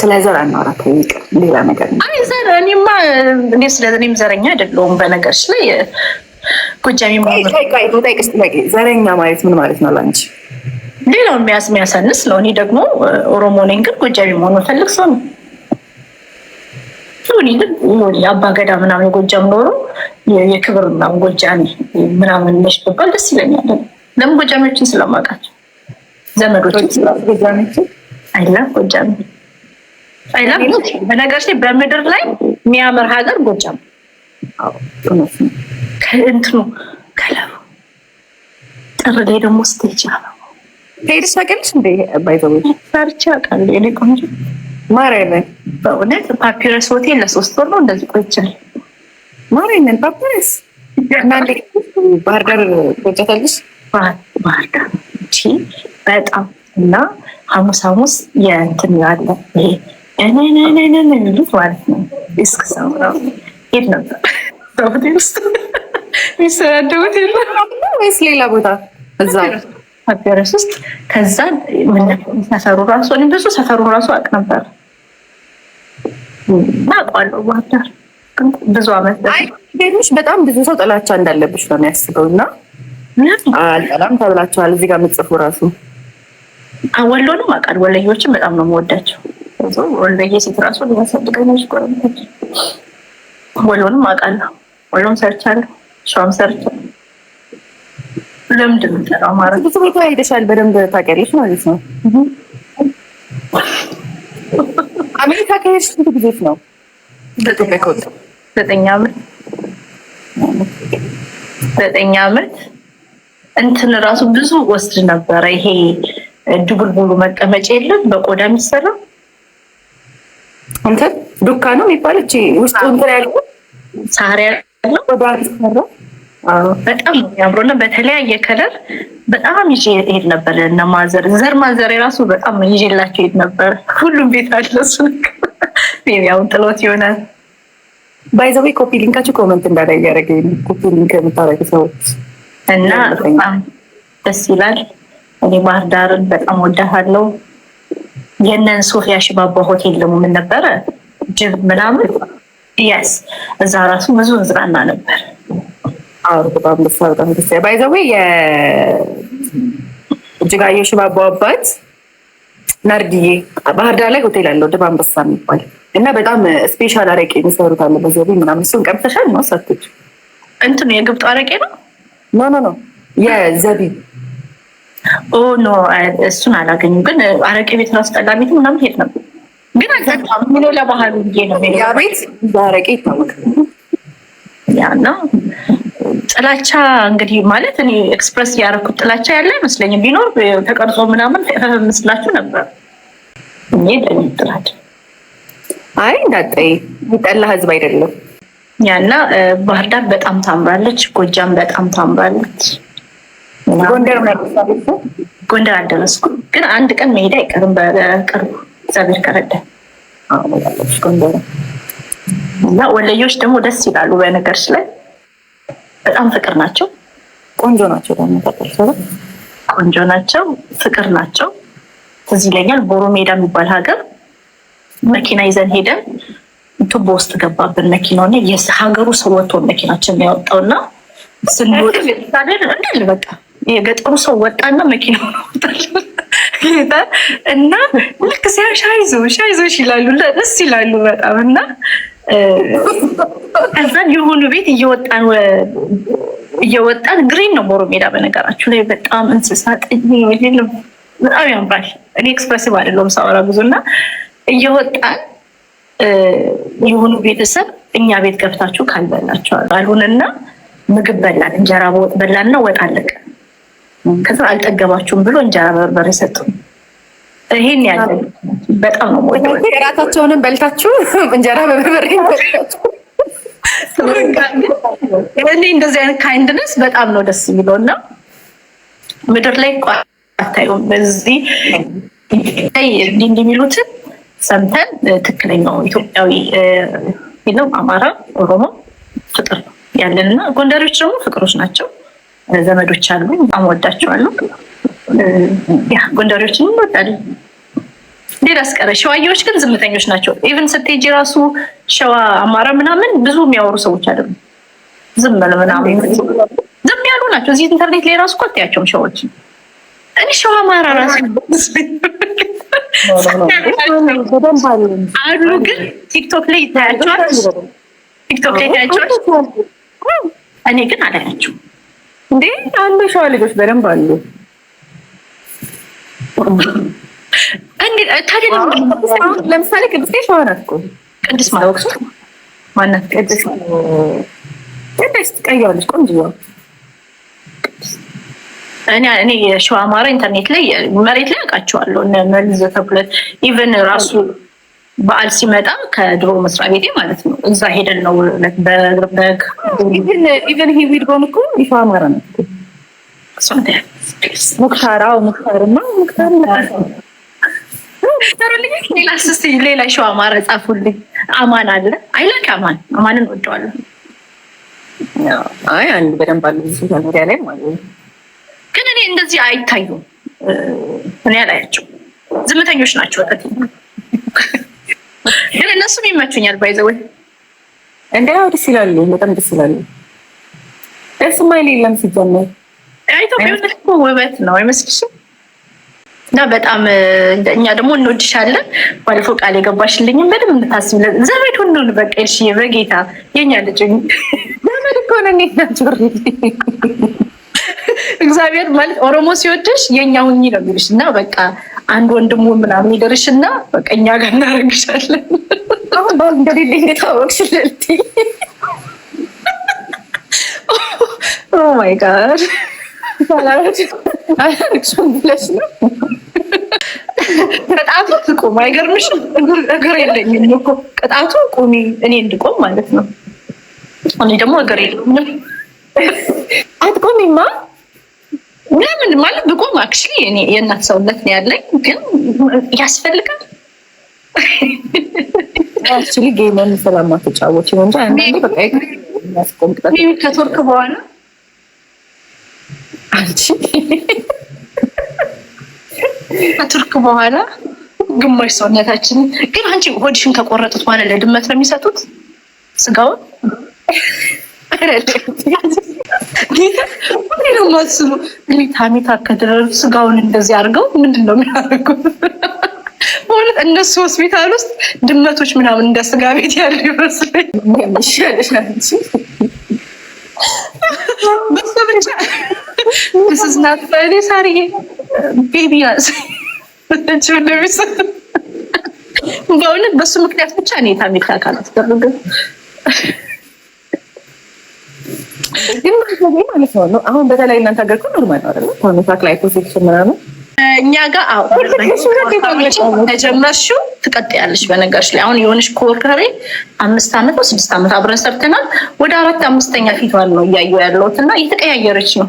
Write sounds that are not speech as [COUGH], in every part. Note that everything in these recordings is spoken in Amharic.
ስለ ዘር አናወራ ይቅር፣ ሌላ ነገር አይ ዘር። እኔማ እኔ ስለ እኔም ዘረኛ አይደለሁም በነገርሽ ላይ ጎጃሚ ጠይቅስ ዘረኛ ማለት ምን ማለት ነው ላንቺ? ሌላው የሚያስ የሚያሳንስ ነው። እኔ ደግሞ ኦሮሞ ነኝ፣ ግን ጎጃሚ መሆን መፈልግ ሰው ነው። እኔ ግን አባገዳ ምናምን ጎጃም ኖሮ የክብር ምናምን ጎጃሚ ምናምን ነሽ ብባል ደስ ይለኛል። ለምን ጎጃሚዎችን ስለማውቃቸው ዘመዶችን ስላ ጎጃሚዎችን አይላ ጎጃሚ በነገርሽ ላይ በምድር ላይ የሚያምር ሀገር ጎጃም ከእንትኑ ከለሩ ጥር ላይ ደግሞ ስቴጅ አለው ሄድሽ እንደ ባይዘቦች ሰርቼ አውቃለሁ። የኔ ቆንጆ ማርያምን በእውነት ፓፒረስ ሆቴል ለሶስት ወር ነው እንደዚህ ቆይቻለሁ። ማርያምን ፓፒረስ እና ባህር ዳር ቆይቻታለሽ? ባህር ዳር በጣም እና ሐሙስ ሐሙስ የእንትን ያለ ይሄ እኔ የሚሉት ማለት ነው። ዲስክ ሰው ሄድ ነበር ውስጥ ወይስ ሌላ ቦታ እዛ ሀገረስ ውስጥ ከዛ ሰፈሩ ራሱ ብዙ ሰፈሩ ራሱ አቅ ነበር አውቀዋለሁ። ብዙ አመት በጣም ብዙ ሰው ጥላቻ እንዳለብሽ ነው የሚያስበው እና አልጠላም ተብላችኋል። እዚህ ጋር የምጽፉ ራሱ ወሎንም አውቃለሁ። ወለዮችን በጣም ነው የምወዳቸው ሴት ራሱ ወሎንም አውቃለሁ። ወሎም ሰርቻለሁ፣ ሸዋም ሰርቻለሁ። ለምንድ ምጠራው ማለት ብዙ ቦታ ሄደሻል፣ በደንብ ታውቂያለሽ ማለት ነው። አሜሪካ ከሄድሽ ስንት ጊዜት ነው? ዘጠኝ ዓመት ዘጠኝ ዓመት እንትን ራሱ ብዙ ወስድ ነበረ። ይሄ ድቡልቡሉ መቀመጫ የለም በቆዳ የሚሰራ እንትን ዱካ ነው የሚባል የሚባለው ውስጥ እንትን ያለው ሳር ያለው በጣም የሚያምረው እና በተለያየ ከለር በጣም ይዤ ሄድ ነበር። እነ ማዘር ዘር ማዘር የራሱ በጣም ይዤላቸው ሄድ ነበር። ሁሉም ቤት አለ እሱ ያውን ጥሎት ይሆናል። ባይዘዌ ኮፒ ሊንካቸው ኮመንት እንዳላይ እያደረገ ኮፒ ሊንክ የምታደረግ ሰዎች እና በጣም ደስ ይላል። እኔ ባህር ዳርን በጣም ወዳሃለው። የነን ሶፊያ ሽባባ ሆቴል ደግሞ ምን ነበረ ጅብ ምናምን የስ እዛ ራሱ ብዙ እንዝናና ነበር። ባይዘዌ የእጅጋየሁ ሽባባው አባት ናርድዬ ባህር ዳር ላይ ሆቴል አለው ድብ አንበሳ የሚባል እና በጣም ስፔሻል አረቄ የሚሰሩት አለ። በዘ ምናምን እሱን ቀምተሻል ነው ሰቶች እንትን የግብጡ አረቄ ነው ኖ ኖ ኖ የዘቢብ ኖ እሱን አላገኙም። ግን አረቄ ቤት ነው ጠላ ቤት ምናምን ሄድ ነበር፣ ግን አልጠጣም። ምኖ ለባህሉ ብዬ ነው ቤት በአረቄ ይታወቅ ያ ነው። ጥላቻ እንግዲህ ማለት እኔ ኤክስፕረስ ያደረኩት ጥላቻ ያለ አይመስለኝም። ቢኖር ተቀርጾ ምናምን [LAUGHS] ምስላችሁ ነበር። እኔ ለእኔ ጥላቻ አይ እንዳጠይ የሚጠላ ህዝብ አይደለም። ያና ባህርዳር በጣም ታምራለች፣ ጎጃም በጣም ታምራለች። ጎንደር ጎንደር አልደረስኩም፣ ግን አንድ ቀን መሄድ አይቀርም በቅርቡ እግዚአብሔር ከረዳ። እና ወለዮች ደግሞ ደስ ይላሉ። በነገርሽ ላይ በጣም ፍቅር ናቸው፣ ቆንጆ ናቸው፣ ደግሞ ቆንጆ ናቸው፣ ፍቅር ናቸው። ትዝ ይለኛል ቦሮ ሜዳ የሚባል ሀገር መኪና ይዘን ሄደን ቱቦ ውስጥ ገባብን መኪናው እና የሀገሩ ሰው ወጥቶ መኪናችን ያወጣውና ስንወጥ ሳደር እንዳለ በቃ የገጠሩ ሰው ወጣና መኪና ጌታ እና ልክ ሲያ ሻይዞ ሻይዞሽ ይላሉ፣ ደስ ይላሉ በጣም እና ከዛን የሆኑ ቤት እየወጣን እየወጣን ግሪን ነው ሞሮ ሜዳ። በነገራችሁ ላይ በጣም እንስሳ ጠኝ በጣም ያምራል። እኔ ኤክስፕሬሲቭ አይደለሁም ሳወራ ብዙ እና እየወጣን የሆኑ ቤተሰብ እኛ ቤት ገብታችሁ ካልበላችኋል አሉን ምግብ በላን እንጀራ በወጥ በላን እና ወጥ አለቀ። ከዛ አልጠገባችሁም ብሎ እንጀራ በርበሬ ሰጡ። ይሄን ያለ በጣም ነው ሞ እራታቸውንም በልታችሁ [LAUGHS] እንጀራ በበርበሬ [LAUGHS] እኔ እንደዚህ አይነት ካይንድነስ በጣም ነው ደስ የሚለው እና ምድር ላይ አታዩም። በዚህ እንዲህ እንደሚሉትን ሰምተን ትክክለኛው ኢትዮጵያዊ ነው አማራ፣ ኦሮሞ ፍቅር ያለን እና ጎንደሮች ደግሞ ፍቅሮች ናቸው። ዘመዶች አሉ። በጣም ወዳቸዋለሁ። ያ ጎንደሬዎችን እንወዳለን። ሌላ አስቀረ ሸዋዬዎች ግን ዝምተኞች ናቸው። ኢቨን ስትሄጂ ራሱ ሸዋ አማራ ምናምን ብዙ የሚያወሩ ሰዎች አይደሉም። ዝም በል ምናምን ዝም ያሉ ናቸው። እዚህ ኢንተርኔት ላይ ራሱ እኮ አታያቸውም ሸዋዎች። እኔ ሸዋ አማራ ራሱ አሉ፣ ግን ቲክቶክ ላይ ይታያቸዋል። ቲክቶክ ላይ ይታያቸዋል። እኔ ግን አላያቸውም። እንዴ አንዱ ሸዋ ልጆች በደንብ አሉ። ታዲያ ለምሳሌ ቅድስቴ ሸዋ ናት እኮ ቅድስት ማለት ማናት? ቅድስት ቅድስት ቀይዋለች ቆንጆዋ እኔ እኔ የሸዋ አማራ ኢንተርኔት ላይ መሬት ላይ አውቃቸዋለሁ እነ መልዘ ተኩለት ኢቨን ራሱ በዓል ሲመጣ ከድሮ መስሪያ ቤቴ ማለት ነው እዛ ሄደን ነው ኢቨን ሂ ዊድ ጎን እኮ ይፋ አማራ ነው ሙክታር ሙክታርና ሙክታር ሌላ ስስ ሌላ ሸዋ አማራ ጻፉልኝ አማን አለ አይላክ አማን አማንን ወደዋለሁ አይ አንድ በደንብ አለ መሪያ ላይ ማለት ግን እኔ እንደዚህ አይታዩም እኔ አላያቸው ዝምተኞች ናቸው ወጠት እነሱም ይመቹኛል። ባይዘወይ እንደ ያው ደስ ይላሉ፣ በጣም ደስ ይላሉ። ደስ ማይል የለም ሲጀመር። ኢትዮጵያዊነት እኮ ውበት ነው አይመስልሽም? እና በጣም እኛ ደግሞ እንወድሻለን። ባለፈው ቃል የገባሽልኝም በደንብ እንድታስቢ ዘመድ ሁሉን በቃ እሺ፣ በጌታ የኛ ልጅ ዘመድ እኮ ነን ናቸው። እግዚአብሔር ማለት ኦሮሞ ሲወድሽ የኛ ሁኚ ነው የሚልሽ እና በቃ አንድ ወንድሙ ምናምን ይደርሽ እና በቃ እኛ ጋር እናደርግሻለን። አሁን ባል እንደሌለኝ ጋድ አላረግሽም ብለሽ ነው ቅጣቱ ትቁም። አይገርምሽም? እግር የለኝም እኮ ቅጣቱ ቁሚ፣ እኔ እንድቆም ማለት ነው። እኔ ደግሞ እግር የለኝም። አትቆሚማ ምን ማለት ብቆም አክቹሊ እኔ የእናት ሰውነት ነው ያለኝ፣ ግን ያስፈልጋል። አክቹሊ ጌምን ስለማትጫወች ነው እንጂ አንዳንዴ በቃ ያስቆምጣል። ከቱርክ በኋላ አንቺ ከቱርክ በኋላ ግማሽ ሰውነታችን ግን አንቺ ሆድሽን ከቆረጡት በኋላ ለድመት ነው የሚሰጡት ስጋውን ማስቡ ታሚታ ከደረሩ ስጋውን እንደዚህ አድርገው ምንድን ነው የሚያደርጉት? በእውነት እነሱ ሆስፒታል ውስጥ ድመቶች ምናምን እንደ ስጋ ቤት ያሉ ይመስለኝ። በሱ ቤቢ በእውነት በሱ ምክንያት ብቻ እኔ ታሚታ ካላት ግን ማለት ነው አሁን በተለይ እናንተ ሀገር ኖርማል ነው አይደል? ኮንትራክት ላይ ፖሴሽን ምናምን እኛ ጋር ተጀመርሽው ትቀጥያለሽ። በነገርሽ ላይ አሁን የሆነሽ ኮወርከሬ አምስት ዓመት ነው ስድስት ዓመት አብረን ሰርተናል። ወደ አራት አምስተኛ ፊቷን ነው እያየሁ ያለሁት እና እየተቀያየረች ነው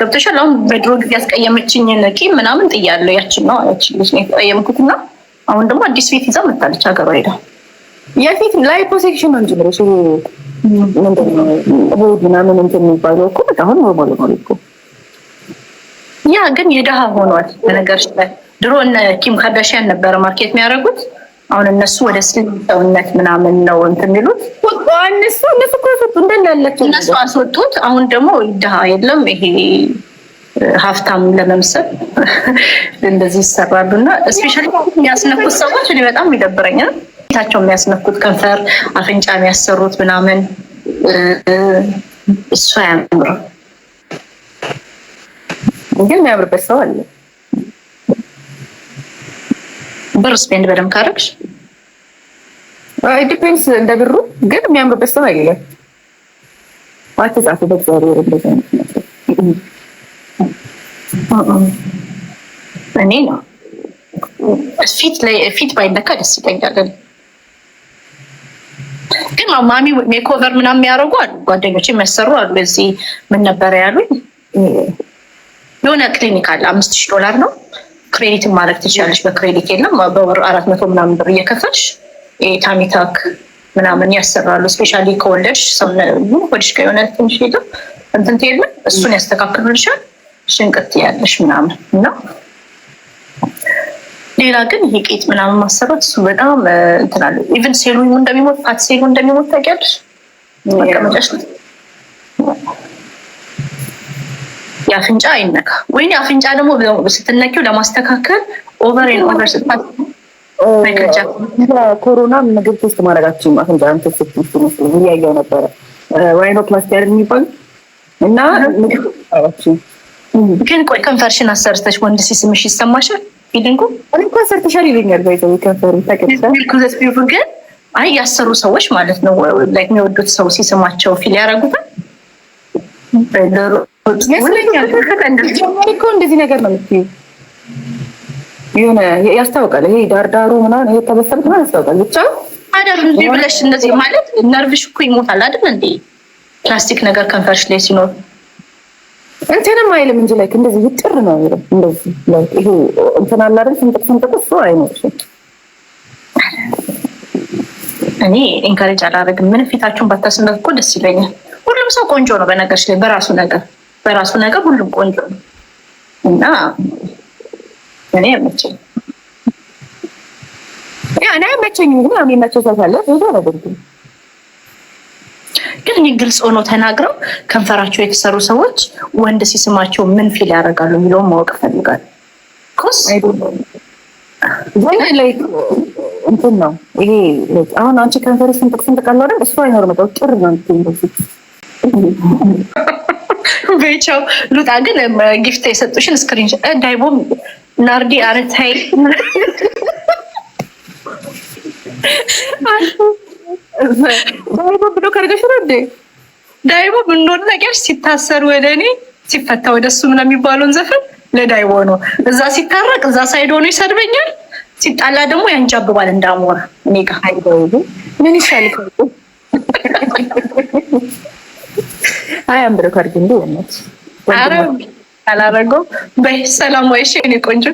ገብተሻል። አሁን በድሮ ጊዜ ያስቀየመችኝን ቂም ምናምን ጥያለሁ። ያችን ነው ያችን ልጅ ነው የተቀየምኩት እና አሁን ደግሞ አዲስ ፊት ይዛ መታለች ሀገሯ ሄዳ የፊት ላይ ፖሴክሽን ነው እንጂ ምንድነው ሆድ ምናምን እንትን የሚባለው እኮ አሁን ሆርሞን እኮ ያ ግን የድሃ ሆኗል። በነገርሽ ላይ ድሮ እነ ኪም ካርዳሽያን ነበረ ማርኬት የሚያደርጉት። አሁን እነሱ ወደ ስልም ሰውነት ምናምን ነው እንትን የሚሉት። እነሱ እነሱ እኮ ያስወጡ እንዳላለችው እነሱ አስወጡት። አሁን ደግሞ ድሃ የለም ይሄ ሀብታም ለመምሰል እንደዚህ ይሰራሉ። እና ስፔሻሊ ያስነኩት ሰዎች እኔ በጣም ይደብረኛል። ፊታቸው የሚያስነኩት ከንፈር፣ አፍንጫ የሚያሰሩት ምናምን እሱ አያምርም። ግን የሚያምርበት ሰው አለ። ብር ስፔንድ በደምብ ካረግሽ ዲፔንስ እንደ ብሩ ግን የሚያምርበት ሰው አለ። አትጻፉ በእግዚአብሔር እንደዚህ አይነት እኔ ነው ፊት ላይ ፊት ባይነካ ደስ ይለኛል። ግን ማሚ ሜኮቨር ምናምን የሚያደርጉ አሉ፣ ጓደኞች የሚያሰሩ አሉ። እዚህ ምን ነበረ ያሉኝ የሆነ ክሊኒክ አለ፣ አምስት ሺህ ዶላር ነው። ክሬዲት ማድረግ ትችላለች። በክሬዲት የለም በወር አራት መቶ ምናምን ብር እየከፈልሽ ታሚታክ ምናምን ያሰራሉ። ስፔሻሊ ከወለድሽ ወዲሽ ከሆነ ትንሽ ሄደ እንትን የለም እሱን ያስተካክሉልሻል። ሽንቅት ያለሽ ምናምን እና ሌላ ግን ይሄ ቄጥ ምናምን ማሰራት እሱ በጣም እንትናለ። ኢቨን ሴሉ እንደሚሞት ፋት ሴሉ እንደሚሞት ታውቂያለሽ። መቀመጫሽ የአፍንጫ አይነካ ወይ አፍንጫ ደግሞ ስትነኪው ለማስተካከል ኦቨር ኤን ኦቨር ስታት ኮሮና ምግብ ቴስት ማድረጋችን አፍንጫ እያየው ነበረ ራይኖፕላስቲ አይደል የሚባል እና ምግብ ግን ቆይ ከንፈርሽን አሰርተሽ ወንድ ሲስምሽ ይሰማሻል ሰርተሻል ግን አይ ያሰሩ ሰዎች ማለት ነው ላይ የሚወዱት ሰው ሲስማቸው ፊል ያደርጉታል። እንደዚህ ነገር ነው የሆነ ያስታውቃል። ይሄ ዳርዳሩ ምናምን ይሄ ምናምን ያስታውቃል። ብቻ አደር ብለሽ እንደዚህ ማለት ነርቭሽ እኮ ይሞታል አይደል ፕላስቲክ ነገር ከንፈርሽ ላይ ሲኖር እንትንም አይልም እንጂ ላይክ እንደዚህ ይጥር ነው አይልም። እንደዚህ ላይክ ይሄ እንትን አለ አይደል? ስንጥቅ ስንጥቅ እሱ አይኖርሽም። እኔ ኢንካሬጅ አላደርግም። ምን ፊታችሁን ባታስነት እኮ ደስ ይለኛል። ሁሉም ሰው ቆንጆ ነው በነገርሽ ላይ በራሱ ነገር በራሱ ነገር ሁሉም ቆንጆ ነው እና እኔ አይመቸኝም። እኔ አይመቸኝም ግን አሁን ሰው ሰሳለ ብዙ አላደርግም ግን እኔ ግልጽ ሆኖ ተናግረው ከንፈራቸው የተሰሩ ሰዎች ወንድ ሲስማቸው ምን ፊል ያደርጋሉ የሚለውን ማወቅ ፈልጋል። እንትን ነው ይሄ አሁን አንቺ ከንፈሪ ስንጥቅ ስንጥቅ አለ አይደል? እሱ አይኖር ነው ጭር ነው ቤቻው ሉጣ ግን ጊፍት የሰጡሽን ስክሪን እንዳይቦም ናርዲ አረታይ ዳይቦ ብሎ ከርገሽ ነው እንዴ? ዳይቦ ምን እንደሆነ ታውቂያለሽ? ሲታሰር ወደ እኔ ሲፈታ ወደ እሱ ምናምን የሚባለውን ዘፈን ለዳይቦ ነው። እዛ ሲታረቅ እዛ ሳይድ ሆኖ ይሰድበኛል፣ ሲጣላ ደግሞ ያንጃብባል እንዳሞር እኔ ጋር ምን ይሻል አይ አምብሮ ከርግ እንዲ ወነት አረ አላረገው በይ ሰላም ወይሽ እኔ ቆንጆ